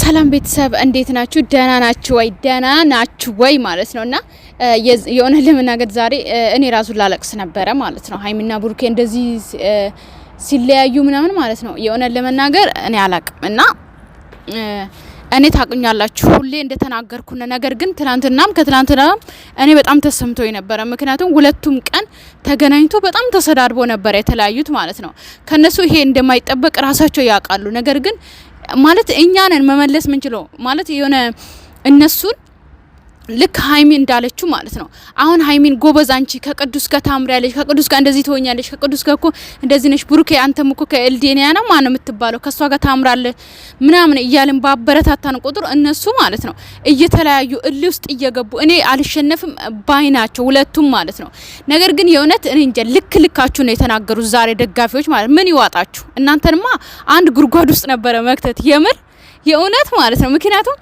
ሰላም ቤተሰብ እንዴት ናችሁ? ደህና ናችሁ ወይ? ደህና ናችሁ ወይ ማለት ነው። እና የሆነ ለመናገር ዛሬ እኔ ራሱ ላለቅስ ነበረ ማለት ነው። ሀይሚና ብሩኬ እንደዚህ ሲለያዩ ምናምን ማለት ነው። የሆነ ለመናገር እኔ አላቅም እና እኔ ታቅኛላችሁ ሁሌ እንደተናገርኩነ ነገር ግን ትናንትናም ከትናንትና እኔ በጣም ተሰምቶ ነበረ። ምክንያቱም ሁለቱም ቀን ተገናኝቶ በጣም ተሰዳድቦ ነበረ የተለያዩት ማለት ነው። ከነሱ ይሄ እንደማይጠበቅ ራሳቸው ያውቃሉ። ነገር ግን ማለት እኛ ነን መመለስ ምንችለው ማለት የሆነ እነሱን ልክ ሀይሚ እንዳለችው ማለት ነው። አሁን ሀይሚን ጎበዝ፣ አንቺ ከቅዱስ ጋር ታምሪያለች፣ ከቅዱስ ጋር እንደዚህ ትሆኛለች፣ ከቅዱስ ጋር እኮ እንደዚህ ነሽ፣ ብሩኬ አንተም እኮ ከኤልዴንያ ነው ማነው የምትባለው ከእሷ ጋር ታምራለ ምናምን እያልን ባበረታታን ቁጥር እነሱ ማለት ነው እየተለያዩ እልህ ውስጥ እየገቡ እኔ አልሸነፍም ባይ ናቸው ሁለቱም ማለት ነው። ነገር ግን የእውነት እኔ እንጃ ልክ ልካችሁ ነው የተናገሩት ዛሬ ደጋፊዎች ማለት ምን ይዋጣችሁ እናንተንማ አንድ ጉድጓድ ውስጥ ነበረ መክተት የምር የእውነት ማለት ነው ምክንያቱም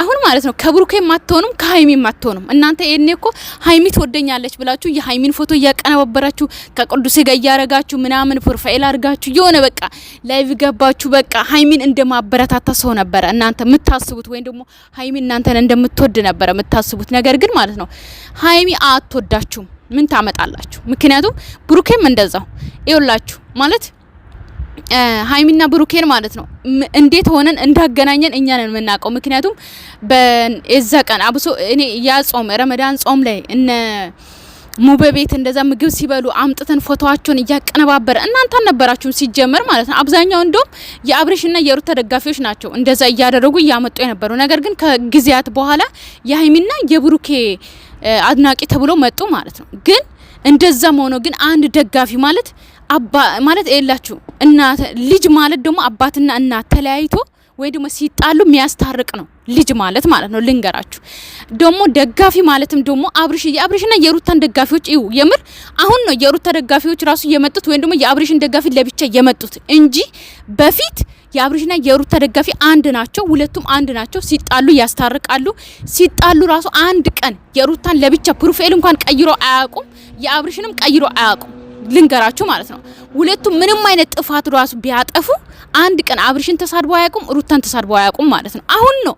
አሁን ማለት ነው ከብሩኬም አትሆኑም ከሀይሚ ማትሆኑም እናንተ ይሄኔ እኮ ሀይሚ ትወደኛለች ብላችሁ የሀይሚን ፎቶ እያቀነባበራችሁ ከቅዱስ ጋር እያረጋችሁ ምናምን ፕሮፋይል አድርጋችሁ የሆነ በቃ ላይቭ ገባችሁ በቃ ሀይሚን እንደማበረታታ ሰው ነበረ እናንተ የምታስቡት ወይም ደግሞ ሀይሚ እናንተን እንደምትወድ ነበረ የምታስቡት። ነገር ግን ማለት ነው ሀይሚ አትወዳችሁም። ምን ታመጣላችሁ? ምክንያቱም ብሩኬም እንደዛው ይውላችሁ ማለት ሀይሚና ብሩኬን ማለት ነው እንዴት ሆነን እንዳገናኘን እኛ ነን የምናውቀው። ምክንያቱም በዛ ቀን አብሶ እኔ ያ ጾም ረመዳን ጾም ላይ እነ ሙበ ቤት እንደዛ ምግብ ሲበሉ አምጥተን ፎቶዋቸውን እያቀነባበረ እናንተ ነበራችሁ ሲጀመር ማለት ነው። አብዛኛው እንደውም የአብሬሽና የሩታ ደጋፊዎች ናቸው እንደዛ እያደረጉ እያመጡ የነበሩ። ነገር ግን ከጊዜያት በኋላ የሀይሚና የብሩኬ አድናቂ ተብሎ መጡ ማለት ነው። ግን እንደዛም ሆኖ ግን አንድ ደጋፊ ማለት አባ ማለት የላችሁ እናት ልጅ ማለት ደግሞ አባትና እናት ተለያይቶ ወይ ደግሞ ሲጣሉ የሚያስታርቅ ነው ልጅ ማለት ማለት ነው። ልንገራችሁ ደግሞ ደጋፊ ማለትም ደግሞ አብርሽ የአብርሽና የሩታን ደጋፊዎች ይው የምር አሁን ነው የሩታ ደጋፊዎች ራሱ የመጡት ወይም ደግሞ የአብርሽን ደጋፊ ለብቻ የመጡት እንጂ በፊት የአብርሽና የሩታ ደጋፊ አንድ ናቸው። ሁለቱም አንድ ናቸው። ሲጣሉ ያስታርቃሉ። ሲጣሉ ራሱ አንድ ቀን የሩታን ለብቻ ፕሮፋይል እንኳን ቀይሮ አያውቁም። የአብርሽንም ቀይሮ አያውቁም። ልንገራችሁ ማለት ነው። ሁለቱ ምንም አይነት ጥፋት ራሱ ቢያጠፉ አንድ ቀን አብርሽን ተሳድበው አያውቁም፣ ሩታን ተሳድበው አያውቁም ማለት ነው። አሁን ነው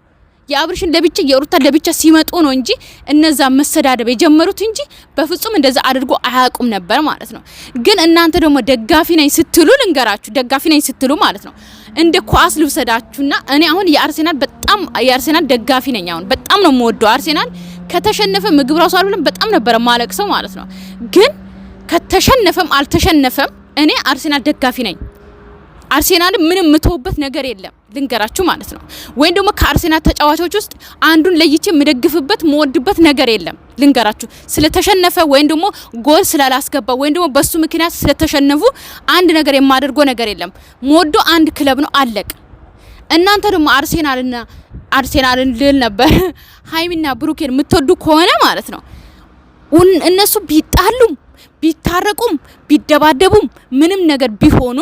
የአብርሽን ለብቻ የሩታን ለብቻ ሲመጡ ነው እንጂ እነዛ መሰዳደብ የጀመሩት እንጂ በፍጹም እንደዛ አድርጎ አያውቁም ነበር ማለት ነው። ግን እናንተ ደግሞ ደጋፊ ነኝ ስትሉ ልንገራችሁ፣ ደጋፊ ነኝ ስትሉ ማለት ነው እንደ ኳስ ልውሰዳችሁና እኔ አሁን የአርሴናል በጣም የአርሴናል ደጋፊ ነኝ። አሁን በጣም ነው የምወደው አርሴናል ከተሸነፈ ምግብ ራሱ አልብለን በጣም ነበረ ማለቅ ሰው ማለት ነው ግን ከተሸነፈም አልተሸነፈም እኔ አርሴናል ደጋፊ ነኝ። አርሴናል ምንም የምተውበት ነገር የለም ልንገራችሁ ማለት ነው። ወይም ደግሞ ከአርሴናል ተጫዋቾች ውስጥ አንዱን ለይቼ የምደግፍበት መወድበት ነገር የለም ልንገራችሁ። ስለተሸነፈ ወይም ደግሞ ጎል ስላላስገባ ወይም ደግሞ በሱ ምክንያት ስለተሸነፉ አንድ ነገር የማደርገው ነገር የለም። ሞዶ አንድ ክለብ ነው አለቅ። እናንተ ደግሞ አርሴናልና አርሴናልን ልል ነበር ሀይሚና ብሩኬን የምትወዱ ከሆነ ማለት ነው እነሱ ቢጣሉም ቢታረቁም ቢደባደቡም ምንም ነገር ቢሆኑ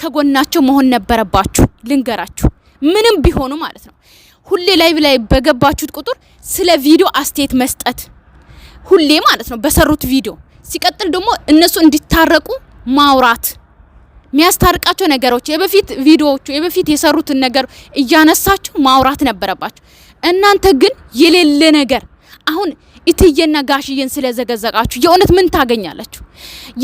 ከጎናቸው መሆን ነበረባችሁ። ልንገራችሁ ምንም ቢሆኑ ማለት ነው። ሁሌ ላይ ላይ በገባችሁት ቁጥር ስለ ቪዲዮ አስተያየት መስጠት ሁሌ ማለት ነው፣ በሰሩት ቪዲዮ ሲቀጥል ደግሞ እነሱ እንዲታረቁ ማውራት የሚያስታርቃቸው ነገሮች የበፊት ቪዲዮዎቹ የበፊት የሰሩትን ነገር እያነሳችሁ ማውራት ነበረባችሁ። እናንተ ግን የሌለ ነገር አሁን እትዬና ጋሽዬን ስለዘገዘቃችሁ የእውነት ምን ታገኛላችሁ?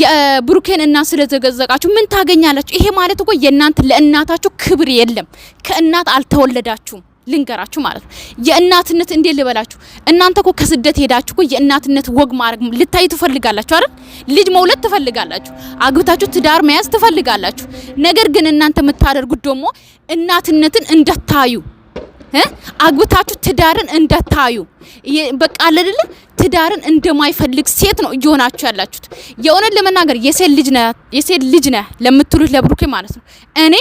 የብሩኬን እናት ስለዘገዘቃችሁ ምን ታገኛላችሁ? ይሄ ማለት እኮ የእናንተ ለእናታችሁ ክብር የለም። ከእናት አልተወለዳችሁም። ልንገራችሁ ማለት ነው። የእናትነት እንዴት ልበላችሁ፣ እናንተ እኮ ከስደት ሄዳችሁ እኮ የእናትነት ወግ ማድረግ ልታዩ ትፈልጋላችሁ አይደል? ልጅ መውለድ ትፈልጋላችሁ፣ አግብታችሁ ትዳር መያዝ ትፈልጋላችሁ። ነገር ግን እናንተ የምታደርጉት ደግሞ እናትነትን እንደታዩ አግብታችሁ ትዳርን እንደታዩ በቃ አይደለ ትዳርን እንደማይፈልግ ሴት ነው እየሆናችሁ ያላችሁት። የእውነት ለመናገር የሴት ልጅ ነህ የሴት ልጅ ነህ ለምትሉት ለብሩኬ ማለት ነው እኔ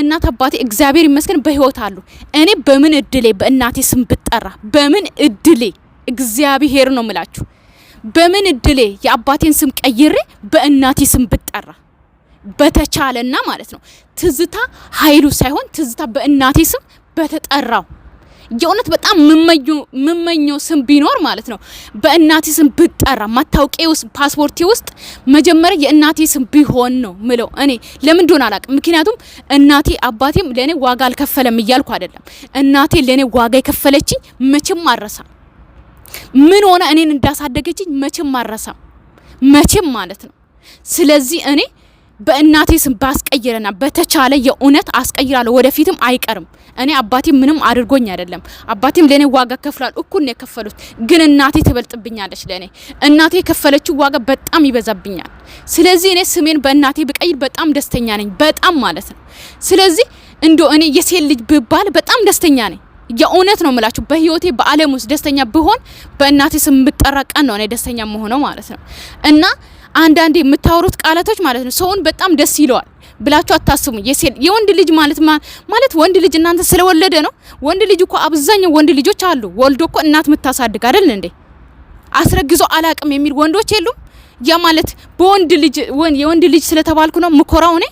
እናት አባቴ እግዚአብሔር ይመስገን በህይወት አሉ። እኔ በምን እድሌ በእናቴ ስም ብጠራ በምን እድሌ እግዚአብሔር ነው ምላችሁ፣ በምን እድሌ የአባቴን ስም ቀይሬ በእናቴ ስም ብጠራ በተቻለና ማለት ነው ትዝታ ኃይሉ ሳይሆን ትዝታ በእናቴ ስም በተጠራው የእውነት በጣም የምመኘው ስም ቢኖር ማለት ነው በእናቴ ስም ብጠራ ማታወቂ ውስጥ ፓስፖርቴ ውስጥ መጀመሪያ የእናቴ ስም ቢሆን ነው ምለው። እኔ ለምን እንደሆነ አላውቅም። ምክንያቱም እናቴ አባቴም ለእኔ ዋጋ አልከፈለም እያልኩ አይደለም። እናቴ ለእኔ ዋጋ የከፈለችኝ መቼም አረሳ። ምን ሆነ እኔን እንዳሳደገችኝ መቼም አረሳ፣ መቼም ማለት ነው። ስለዚህ እኔ በእናቴ ስም ባስቀይረና በተቻለ የእውነት አስቀይራለሁ። ወደፊትም አይቀርም። እኔ አባቴ ምንም አድርጎኝ አይደለም። አባቴም ለእኔ ዋጋ ከፍሏል። እኩል ነው የከፈሉት። ግን እናቴ ትበልጥብኛለች። ለእኔ እናቴ የከፈለችው ዋጋ በጣም ይበዛብኛል። ስለዚህ እኔ ስሜን በእናቴ ብቀይር በጣም ደስተኛ ነኝ። በጣም ማለት ነው። ስለዚህ እንዶ እኔ የሴት ልጅ ብባል በጣም ደስተኛ ነኝ። የእውነት ነው የምላችሁ። በህይወቴ በአለም ውስጥ ደስተኛ ብሆን በእናቴ ስም የምጠራ ቀን ነው እኔ ደስተኛ መሆነው ማለት ነው እና አንዳንዴ የምታወሩት ቃላቶች ማለት ነው ሰውን በጣም ደስ ይለዋል ብላችሁ አታስቡ። የወንድ ልጅ ማለት ማለት ወንድ ልጅ እናንተ ስለወለደ ነው። ወንድ ልጅ እኮ አብዛኛው ወንድ ልጆች አሉ ወልዶ እኮ እናት የምታሳድግ አይደል እንዴ? አስረግዞ አላቅም የሚል ወንዶች የሉም። ያ ማለት በወንድ ልጅ የወንድ ልጅ ስለተባልኩ ነው ምኮራው እኔ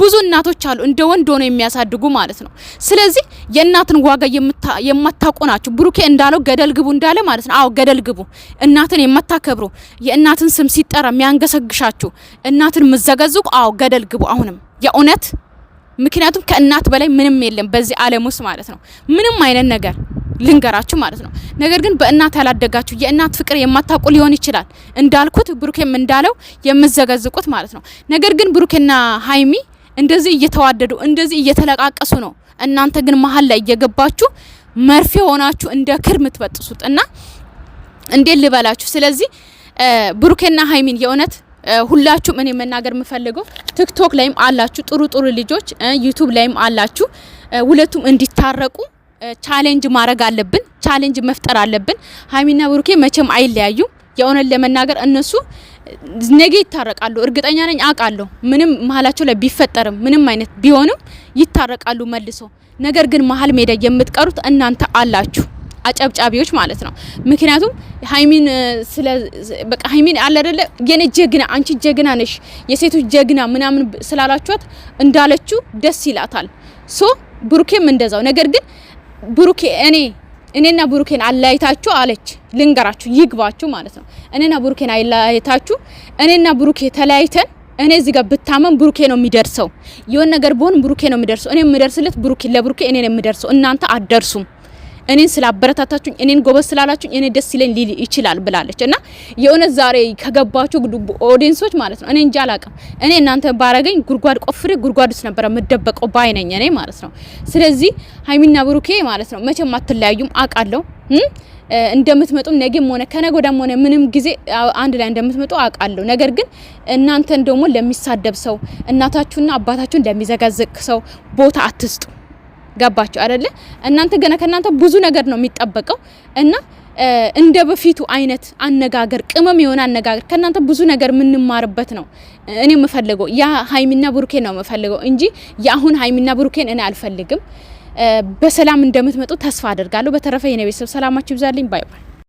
ብዙ እናቶች አሉ እንደ ወንድ ሆነው የሚያሳድጉ ማለት ነው። ስለዚህ የእናትን ዋጋ የማታውቁ ናቸው። ብሩኬ እንዳለው ገደል ግቡ እንዳለ ማለት ነው። አዎ ገደል ግቡ። እናትን የማታከብሩ የእናትን ስም ሲጠራ የሚያንገሰግሻችሁ እናትን የምዘገዝቁ አዎ ገደል ግቡ። አሁንም የእውነት ምክንያቱም ከእናት በላይ ምንም የለም በዚህ ዓለም ውስጥ ማለት ነው። ምንም አይነት ነገር ልንገራችሁ ማለት ነው። ነገር ግን በእናት ያላደጋችሁ የእናት ፍቅር የማታውቁ ሊሆን ይችላል። እንዳልኩት ብሩኬም እንዳለው የምዘገዝቁት ማለት ነው። ነገር ግን ብሩኬና ሀይሚ እንደዚህ እየተዋደዱ እንደዚህ እየተለቃቀሱ ነው። እናንተ ግን መሀል ላይ እየገባችሁ መርፌ ሆናችሁ እንደ ክር ምትበጥሱት እና እንዴት ልበላችሁ። ስለዚህ ብሩኬና ሀይሚን የእውነት ሁላችሁም እኔ መናገር የምፈልገው ቲክቶክ ላይም አላችሁ ጥሩ ጥሩ ልጆች፣ ዩቱብ ላይም አላችሁ። ሁለቱም እንዲታረቁ ቻሌንጅ ማድረግ አለብን። ቻሌንጅ መፍጠር አለብን። ሀይሚና ብሩኬ መቼም አይለያዩም። የእውነት ለመናገር እነሱ ነገ ይታረቃሉ። እርግጠኛ ነኝ፣ አውቃለሁ። ምንም መሀላቸው ላይ ቢፈጠርም ምንም አይነት ቢሆንም ይታረቃሉ መልሶ። ነገር ግን መሀል ሜዳ የምትቀሩት እናንተ አላችሁ አጨብጫቢዎች ማለት ነው። ምክንያቱም ሀይሚን ስለ በቃ ሀይሚን አለ አይደለ የኔ ጀግና አንቺ ጀግና ነሽ የሴቶች ጀግና ምናምን ስላላችኋት እንዳለችው ደስ ይላታል። ሶ ብሩኬም እንደዛው ነገር ግን ብሩኬ እኔ እኔና ብሩኬን አለያይታችሁ አለች። ልንገራችሁ ይግባችሁ ማለት ነው። እኔና ብሩኬን አለያይታችሁ እኔና ብሩኬ ተለያይተን እኔ እዚህ ጋር ብታመም ብሩኬ ነው የሚደርሰው። የሆነ ነገር ብሆን ብሩኬ ነው የሚደርሰው። እኔ የምደርስለት ብሩኬ ለብሩኬ እኔ ነው የምደርሰው። እናንተ አደርሱም። እኔን ስላበረታታችሁኝ፣ እኔን ጎበዝ ስላላችሁኝ፣ እኔ ደስ ይለኝ ሊል ይችላል ብላለች እና የእውነት ዛሬ ከገባችሁ ኦዲንሶች ማለት ነው እኔ እንጂ አላውቅም። እኔ እናንተ ባረገኝ ጉድጓድ ቆፍሬ ጉድጓድ ውስጥ ነበረ የምደበቀው ባይነኝ እኔ ማለት ነው። ስለዚህ ሀይሚና ብሩኬ ማለት ነው መቼም አትለያዩም አውቃለሁ እንደምትመጡ ነገም ሆነ ከነገ ወዲያም ሆነ ምንም ጊዜ አንድ ላይ እንደምትመጡ አውቃለሁ። ነገር ግን እናንተን ደግሞ ለሚሳደብ ሰው እናታችሁና አባታችሁን ለሚዘጋዘቅ ሰው ቦታ አትስጡ። ገባችሁ አይደለ? እናንተ ገና ከእናንተ ብዙ ነገር ነው የሚጠበቀው እና እንደ በፊቱ አይነት አነጋገር ቅመም የሆነ አነጋገር ከእናንተ ብዙ ነገር የምንማርበት ነው። እኔ የምፈልገው ያ ሀይሚና ብሩኬን ነው የምፈልገው እንጂ የአሁን ሀይሚና ብሩኬን እኔ አልፈልግም። በሰላም እንደምትመጡ ተስፋ አደርጋለሁ። በተረፈ የኔ ቤተሰብ ሰላማችሁ ይብዛልኝ። ባይ ባይ